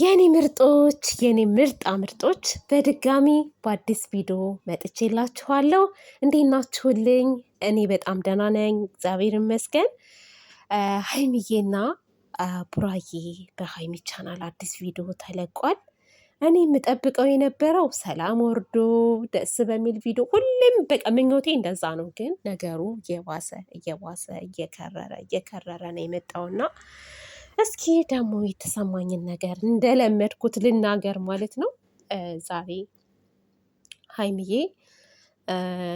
የኔ ምርጦች የኔ ምርጣ ምርጦች በድጋሚ በአዲስ ቪዲዮ መጥቼላችኋለሁ። እንዴት ናችሁልኝ? እኔ በጣም ደህና ነኝ፣ እግዚአብሔር ይመስገን። ሀይሚዬና ቡራዬ በሀይሚ ቻናል አዲስ ቪዲዮ ተለቋል። እኔ የምጠብቀው የነበረው ሰላም ወርዶ ደስ በሚል ቪዲዮ፣ ሁሌም በቃ ምኞቴ እንደዛ ነው። ግን ነገሩ እየባሰ እየባሰ እየከረረ እየከረረ ነው የመጣውና እስኪ ደግሞ የተሰማኝን ነገር እንደለመድኩት ልናገር ማለት ነው። ዛሬ ሀይሚዬ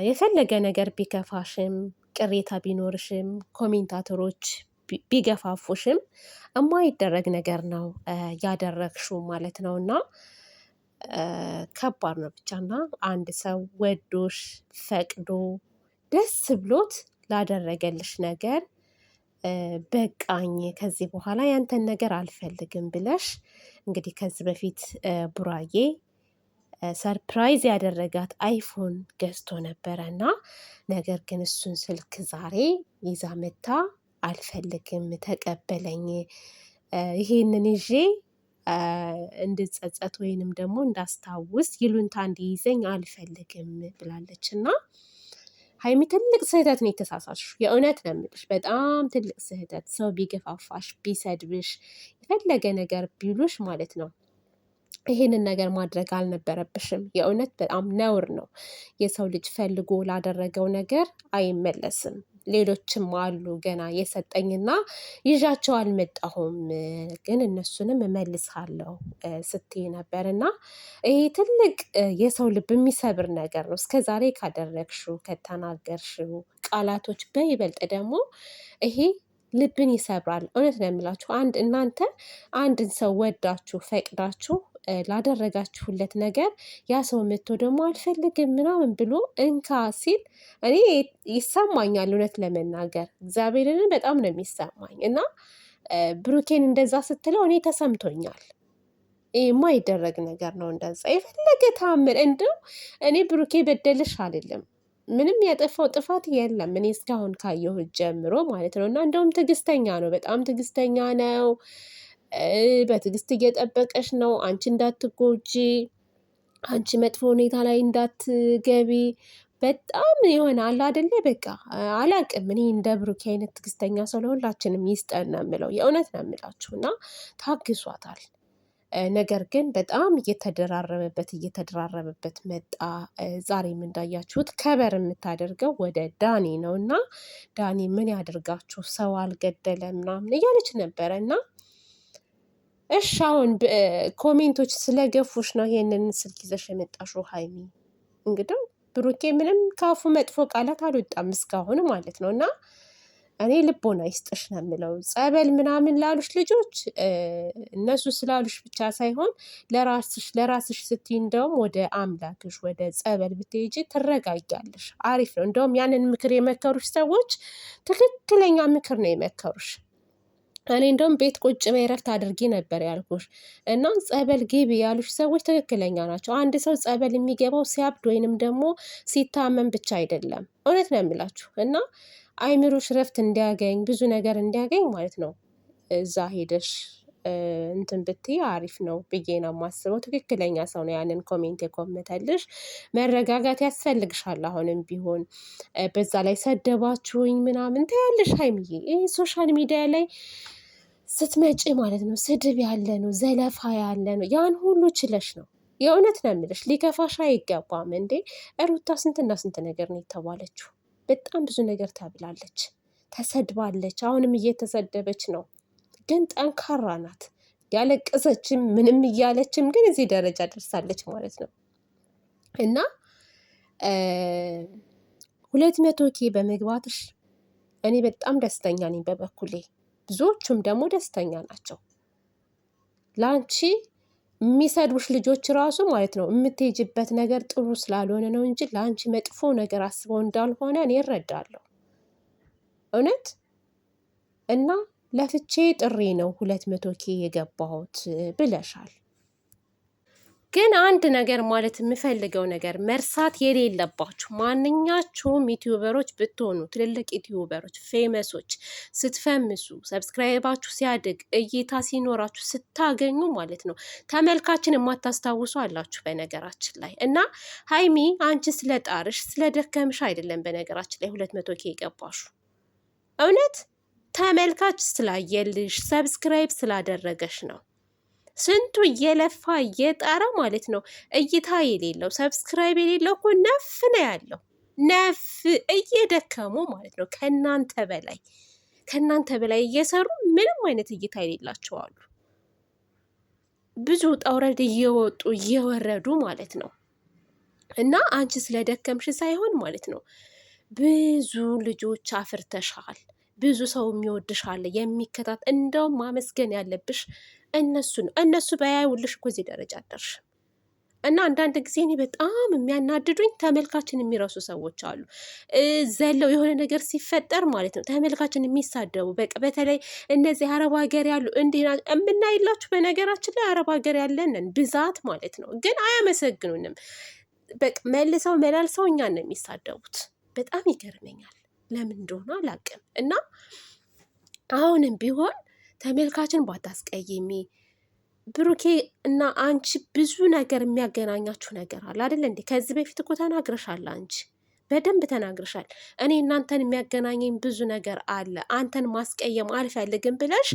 የፈለገ ነገር ቢከፋሽም ቅሬታ ቢኖርሽም ኮሜንታተሮች ቢገፋፉሽም የማይደረግ ነገር ነው ያደረግሽው ማለት ነው እና ከባድ ነው ብቻ እና አንድ ሰው ወዶሽ ፈቅዶ ደስ ብሎት ላደረገልሽ ነገር በቃኝ ከዚህ በኋላ ያንተን ነገር አልፈልግም ብለሽ እንግዲህ ከዚህ በፊት ቡራዬ ሰርፕራይዝ ያደረጋት አይፎን ገዝቶ ነበረ እና ነገር ግን እሱን ስልክ ዛሬ ይዛ መታ አልፈልግም፣ ተቀበለኝ፣ ይሄንን ይዤ እንድጸጸት ወይንም ደግሞ እንዳስታውስ ይሉንታ እንዲይዘኝ አልፈልግም ብላለች እና ሀይሚ ትልቅ ስህተት ነው የተሳሳትሽ። የእውነት ነው የምልሽ፣ በጣም ትልቅ ስህተት። ሰው ቢገፋፋሽ፣ ቢሰድብሽ፣ የፈለገ ነገር ቢሉሽ ማለት ነው ይሄንን ነገር ማድረግ አልነበረብሽም። የእውነት በጣም ነውር ነው። የሰው ልጅ ፈልጎ ላደረገው ነገር አይመለስም። ሌሎችም አሉ ገና የሰጠኝና ይዣቸው አልመጣሁም፣ ግን እነሱንም እመልሳለሁ ስትይ ነበር እና ይሄ ትልቅ የሰው ልብ የሚሰብር ነገር ነው። እስከዛሬ ካደረግሽው ከተናገርሽው ቃላቶች በይበልጥ ደግሞ ይሄ ልብን ይሰብራል። እውነት ነው የምላችሁ። አንድ እናንተ አንድን ሰው ወዳችሁ ፈቅዳችሁ ላደረጋችሁለት ነገር ያ ሰው መጥቶ ደግሞ አልፈልግም ምናምን ብሎ እንካ ሲል እኔ ይሰማኛል። እውነት ለመናገር እግዚአብሔርን በጣም ነው የሚሰማኝ እና ብሩኬን እንደዛ ስትለው እኔ ተሰምቶኛል። የማይደረግ ነገር ነው። እንደዛ የፈለገ ታምር እንደው እኔ ብሩኬ በደልሽ አልልም። ምንም ያጠፋው ጥፋት የለም። እኔ እስካሁን ካየሁት ጀምሮ ማለት ነው። እና እንደውም ትዕግስተኛ ነው፣ በጣም ትዕግስተኛ ነው። በትዕግስት እየጠበቀሽ ነው። አንቺ እንዳትጎጂ፣ አንቺ መጥፎ ሁኔታ ላይ እንዳትገቢ በጣም የሆነ አለ አደለ በቃ አላቅም። እኔ እንደ ብሩኬ አይነት ትግስተኛ ሰው ለሁላችንም ይስጠን ነው የምለው። የእውነት ነው የምላችሁ እና ታግሷታል። ነገር ግን በጣም እየተደራረበበት እየተደራረበበት መጣ። ዛሬም እንዳያችሁት ከበር የምታደርገው ወደ ዳኒ ነው እና ዳኒ ምን ያደርጋችሁ ሰው አልገደለም ምናምን እያለች ነበረ እና እሺ አሁን ኮሜንቶች ስለገፉሽ ነው ይሄንን ስልክ ይዘሽ የመጣሽው ሀይሚ። እንግዲህ ብሩኬ ምንም ካፉ መጥፎ ቃላት አልወጣም እስካሁን ማለት ነው። እና እኔ ልቦና ይስጥሽ ነው የምለው። ጸበል ምናምን ላሉሽ ልጆች እነሱ ስላሉሽ ብቻ ሳይሆን ለራስሽ ለራስሽ ስትይ እንደውም ወደ አምላክሽ ወደ ጸበል ብትሄጂ ትረጋጊያለሽ። አሪፍ ነው። እንደውም ያንን ምክር የመከሩሽ ሰዎች ትክክለኛ ምክር ነው የመከሩሽ። እኔ እንደውም ቤት ቁጭ በረፍት አድርጊ ነበር ያልኩሽ። እና ጸበል ግቢ ያሉሽ ሰዎች ትክክለኛ ናቸው። አንድ ሰው ጸበል የሚገባው ሲያብድ ወይንም ደግሞ ሲታመም ብቻ አይደለም። እውነት ነው የምላችሁ። እና አይምሮሽ ረፍት እንዲያገኝ ብዙ ነገር እንዲያገኝ ማለት ነው እዛ ሄደሽ እንትን ብትይ አሪፍ ነው ብዬ ነው የማስበው። ትክክለኛ ሰው ነው ያንን ኮሜንት የኮመተልሽ። መረጋጋት ያስፈልግሻል አሁንም ቢሆን በዛ ላይ ሰደባችሁኝ ምናምን ታያለሽ ሀይምዬ፣ ሶሻል ሚዲያ ላይ ስትመጪ ማለት ነው ስድብ ያለ ነው፣ ዘለፋ ያለ ነው። ያን ሁሉ ችለሽ ነው የእውነት ነው የምልሽ። ሊከፋሽ አይገባም እንዴ ሩታ። ስንትና ስንት ነገር ነው የተባለችው። በጣም ብዙ ነገር ተብላለች፣ ተሰድባለች። አሁንም እየተሰደበች ነው፣ ግን ጠንካራ ናት። ያለቀሰችም ምንም እያለችም ግን እዚህ ደረጃ ደርሳለች ማለት ነው እና ሁለት መቶ ኬ በመግባትሽ እኔ በጣም ደስተኛ ነኝ በበኩሌ። ብዙዎቹም ደግሞ ደስተኛ ናቸው። ለአንቺ የሚሰድቡሽ ልጆች ራሱ ማለት ነው የምትሄጅበት ነገር ጥሩ ስላልሆነ ነው እንጂ ለአንቺ መጥፎ ነገር አስበው እንዳልሆነ እኔ እረዳለሁ። እውነት እና ለፍቼ ጥሪ ነው ሁለት መቶ ኬ የገባሁት ብለሻል። ግን አንድ ነገር ማለት የምፈልገው ነገር መርሳት የሌለባችሁ ማንኛችሁም ዩቲዩበሮች ብትሆኑ ትልልቅ ዩቲዩበሮች፣ ፌመሶች ስትፈምሱ፣ ሰብስክራይባችሁ ሲያድግ፣ እይታ ሲኖራችሁ ስታገኙ ማለት ነው ተመልካችን የማታስታውሱ አላችሁ በነገራችን ላይ እና ሀይሚ አንቺ ስለጣርሽ ስለደከምሽ አይደለም በነገራችን ላይ ሁለት መቶ ኬ የገባሹ እውነት ተመልካች ስላየልሽ ሰብስክራይብ ስላደረገሽ ነው። ስንቱ እየለፋ እየጣረ ማለት ነው እይታ የሌለው ሰብስክራይብ የሌለው እኮ ነፍ ነው ያለው ነፍ እየደከሙ ማለት ነው። ከእናንተ በላይ ከእናንተ በላይ እየሰሩ ምንም አይነት እይታ የሌላቸው አሉ። ብዙ ውጣ ውረድ እየወጡ እየወረዱ ማለት ነው። እና አንቺ ስለደከምሽ ሳይሆን ማለት ነው ብዙ ልጆች አፍርተሻል። ብዙ ሰው የሚወድሻለ የሚከታት እንደውም ማመስገን ያለብሽ እነሱ ነው። እነሱ በያዩልሽ እኮ እዚህ ደረጃ አደርሽ። እና አንዳንድ ጊዜ እኔ በጣም የሚያናድዱኝ ተመልካችን የሚረሱ ሰዎች አሉ። ዘለው የሆነ ነገር ሲፈጠር ማለት ነው ተመልካችን የሚሳደቡ በቃ በተለይ እነዚህ አረብ ሀገር ያሉ እንዲህ የምናይላችሁ። በነገራችን ላይ አረብ ሀገር ያለንን ብዛት ማለት ነው፣ ግን አያመሰግኑንም። በቃ መልሰው መላልሰው እኛን ነው የሚሳደቡት። በጣም ይገርመኛል። ለምን እንደሆነ አላውቅም። እና አሁንም ቢሆን ተመልካችን ባታስቀይሚ ብሩኬ እና አንቺ ብዙ ነገር የሚያገናኛችሁ ነገር አለ አይደል እንዴ? ከዚህ በፊት እኮ ተናግረሻል። አንቺ በደንብ ተናግረሻል። እኔ እናንተን የሚያገናኘኝ ብዙ ነገር አለ፣ አንተን ማስቀየም አልፈልግም ብለሽ፣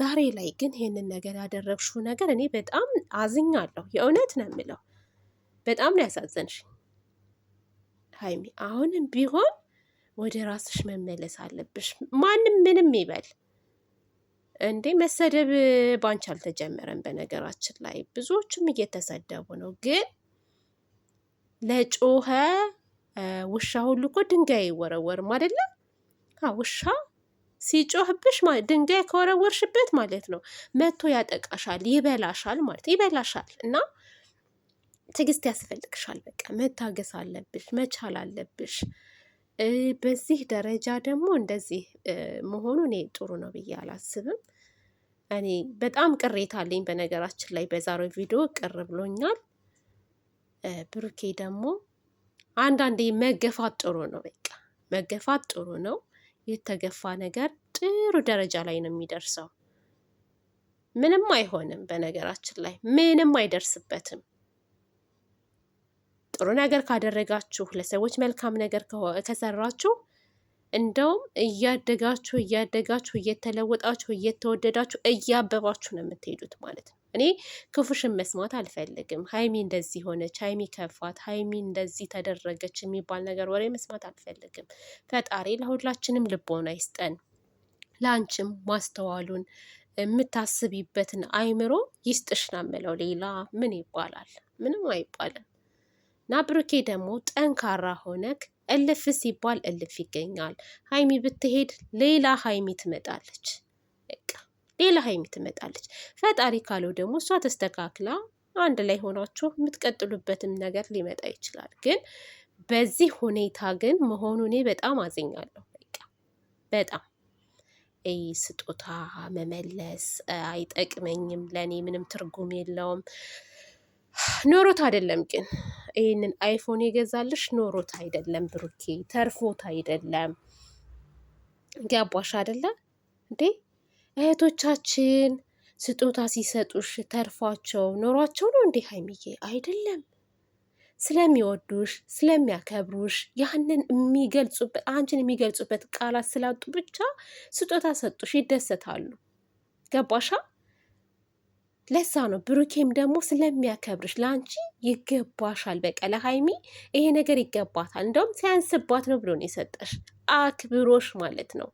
ዛሬ ላይ ግን ይህንን ነገር ያደረግሽው ነገር እኔ በጣም አዝኛለሁ። የእውነት ነው የምለው፣ በጣም ነው ያሳዘንሽ ሀይሚ አሁንም ቢሆን ወደ ራስሽ መመለስ አለብሽ። ማንም ምንም ይበል እንዴ መሰደብ ባንቺ አልተጀመረም። በነገራችን ላይ ብዙዎቹም እየተሰደቡ ነው። ግን ለጮኸ ውሻ ሁሉ እኮ ድንጋይ ይወረወርም አይደለም? ውሻ ሲጮህብሽ ድንጋይ ከወረወርሽበት ማለት ነው መቶ ያጠቃሻል፣ ይበላሻል ማለት ይበላሻል። እና ትዕግስት ያስፈልግሻል። በቃ መታገስ አለብሽ፣ መቻል አለብሽ። በዚህ ደረጃ ደግሞ እንደዚህ መሆኑ እኔ ጥሩ ነው ብዬ አላስብም። እኔ በጣም ቅሬታ አለኝ። በነገራችን ላይ በዛሬው ቪዲዮ ቅር ብሎኛል። ብሩኬ ደግሞ አንዳንዴ መገፋት ጥሩ ነው። በቃ መገፋት ጥሩ ነው። የተገፋ ነገር ጥሩ ደረጃ ላይ ነው የሚደርሰው። ምንም አይሆንም። በነገራችን ላይ ምንም አይደርስበትም። ጥሩ ነገር ካደረጋችሁ፣ ለሰዎች መልካም ነገር ከሰራችሁ እንደውም እያደጋችሁ እያደጋችሁ እየተለወጣችሁ እየተወደዳችሁ እያበባችሁ ነው የምትሄዱት ማለት ነው። እኔ ክፉሽን መስማት አልፈልግም። ሀይሚ እንደዚህ ሆነች፣ ሀይሚ ከፋት፣ ሀይሚ እንደዚህ ተደረገች የሚባል ነገር ወሬ መስማት አልፈልግም። ፈጣሪ ለሁላችንም ልቦና ይስጠን፣ ለአንቺም ማስተዋሉን የምታስቢበትን አይምሮ ይስጥሽ ነው የምለው። ሌላ ምን ይባላል? ምንም አይባልም። እና ብሩኬ ደግሞ ጠንካራ ሆነክ እልፍ ሲባል እልፍ ይገኛል። ሀይሚ ብትሄድ ሌላ ሀይሚ ትመጣለች። በቃ ሌላ ሀይሚ ትመጣለች። ፈጣሪ ካለው ደግሞ እሷ ተስተካክላ አንድ ላይ ሆናችሁ የምትቀጥሉበትም ነገር ሊመጣ ይችላል። ግን በዚህ ሁኔታ ግን መሆኑ እኔ በጣም አዝኛለሁ። በቃ በጣም ስጦታ መመለስ አይጠቅመኝም፣ ለእኔ ምንም ትርጉም የለውም ኖሮት አይደለም ግን ይሄንን አይፎን የገዛልሽ ኖሮት አይደለም ብሩኬ፣ ተርፎት አይደለም። ገባሽ አይደለ እንዴ? እህቶቻችን ስጦታ ሲሰጡሽ ተርፏቸው ኖሯቸው ነው እንዴ ሀይሚዬ? አይደለም። ስለሚወዱሽ ስለሚያከብሩሽ ያንን የሚገልጹበት አንቺን የሚገልጹበት ቃላት ስላጡ ብቻ ስጦታ ሰጡሽ፣ ይደሰታሉ። ገባሻ? ለዛ ነው ብሩኬም ደግሞ ስለሚያከብርሽ ለአንቺ ይገባሻል፣ በቃ ለሀይሚ ይሄ ነገር ይገባታል፣ እንደውም ሲያንስባት ነው ብሎ ነው የሰጠሽ አክብሮሽ ማለት ነው።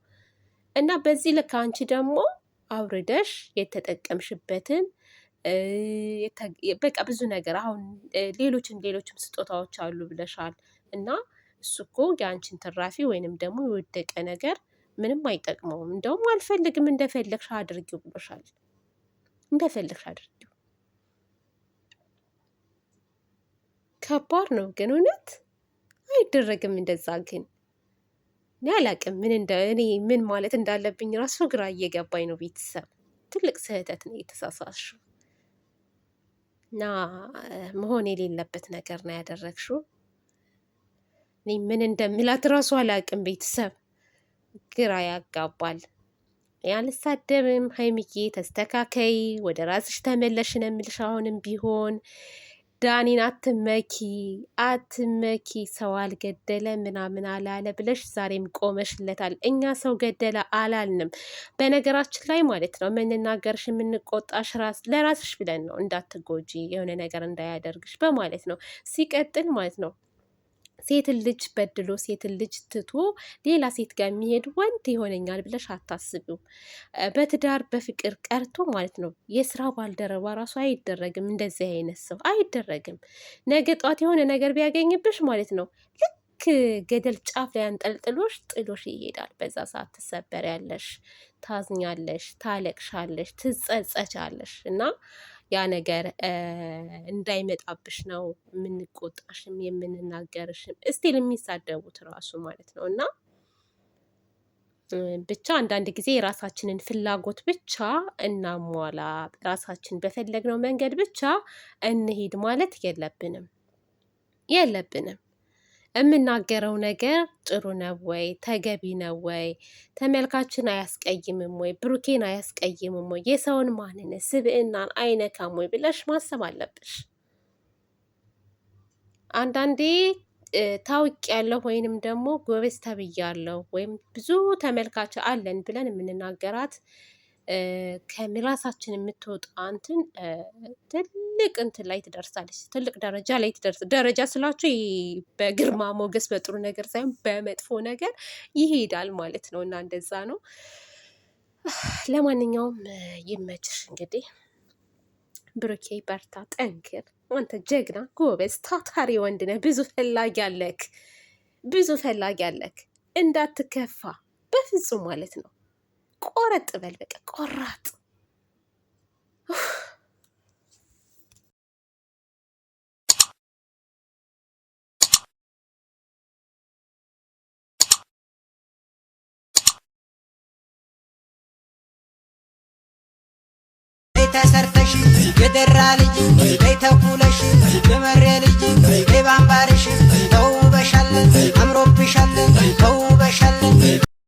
እና በዚህ ልክ አንቺ ደግሞ አውርደሽ የተጠቀምሽበትን በቃ ብዙ ነገር አሁን ሌሎችም ሌሎችም ስጦታዎች አሉ ብለሻል። እና እሱ እኮ የአንቺን ትራፊ ወይንም ደግሞ የወደቀ ነገር ምንም አይጠቅመውም፣ እንደውም አልፈልግም እንደፈለግሽ አድርጊው ብሎሻል። እንደፈለግሽ አድርጊው። ከባድ ነው ግን እውነት አይደረግም እንደዛ። ግን እኔ አላቅም ምን እንደ እኔ ምን ማለት እንዳለብኝ ራሱ ግራ እየገባኝ ነው። ቤተሰብ ትልቅ ስህተት ነው የተሳሳሽው እና መሆን የሌለበት ነገር ነው ያደረግሽው። እኔ ምን እንደምላት ራሱ አላቅም ቤተሰብ ግራ ያጋባል። አልሳደብም። ሀይሚዬ ተስተካከይ፣ ወደ ራስሽ ተመለሽ ነው የምልሽ። አሁንም ቢሆን ዳኒን አትመኪ አትመኪ፣ ሰው አልገደለ ምናምን አላለ ብለሽ ዛሬም ቆመሽለታል። እኛ ሰው ገደለ አላልንም። በነገራችን ላይ ማለት ነው የምንናገርሽ የምንቆጣሽ ራስ ለራስሽ ብለን ነው፣ እንዳትጎጂ የሆነ ነገር እንዳያደርግሽ በማለት ነው። ሲቀጥል ማለት ነው ሴትን ልጅ በድሎ ሴትን ልጅ ትቶ ሌላ ሴት ጋር የሚሄድ ወንድ ይሆነኛል ብለሽ አታስቢው። በትዳር በፍቅር ቀርቶ ማለት ነው የስራ ባልደረባ ራሱ አይደረግም። እንደዚህ አይነት ሰው አይደረግም። ነገ ጠዋት የሆነ ነገር ቢያገኝብሽ ማለት ነው ልክ ገደል ጫፍ ላይ አንጠልጥሎሽ ጥሎሽ ይሄዳል። በዛ ሰዓት ትሰበር ያለሽ፣ ታዝኛለሽ፣ ታለቅሻለሽ፣ ትጸጸቻለሽ እና ያ ነገር እንዳይመጣብሽ ነው የምንቆጣሽም የምንናገርሽም እስቲል የሚሳደቡት ራሱ ማለት ነው እና ብቻ አንዳንድ ጊዜ የራሳችንን ፍላጎት ብቻ እናሟላ፣ ራሳችን በፈለግነው መንገድ ብቻ እንሄድ ማለት የለብንም የለብንም። የምናገረው ነገር ጥሩ ነው ወይ? ተገቢ ነው ወይ? ተመልካችን አያስቀይምም ወይ? ብሩኬን አያስቀይምም ወይ? የሰውን ማንነት ስብዕናን አይነካም ወይ ብለሽ ማሰብ አለብሽ። አንዳንዴ ታውቅ ያለሁ ወይንም ደግሞ ጎበዝ ተብያለሁ ወይም ብዙ ተመልካች አለን ብለን የምንናገራት ከምላሳችን የምትወጣ እንትን ትል ትልቅ እንትን ላይ ትደርሳለች፣ ትልቅ ደረጃ ላይ ትደርስ ደረጃ ስላችሁ በግርማ ሞገስ በጥሩ ነገር ሳይሆን በመጥፎ ነገር ይሄዳል ማለት ነው። እና እንደዛ ነው። ለማንኛውም ይመችሽ እንግዲህ ብሩኬ፣ በርታ፣ ጠንክር። አንተ ጀግና ጎበዝ፣ ታታሪ ወንድ ነህ። ብዙ ፈላጊ አለክ፣ ብዙ ፈላጊ አለክ። እንዳትከፋ በፍጹም ማለት ነው። ቆረጥ በል በቃ ቆራጥ ተሰርተሽ የደራ ልጅ በይ ተኩለሽ የመሬ ልጅ በይ ባምባርሽ ተውበሻለን አምሮብሻለን ተው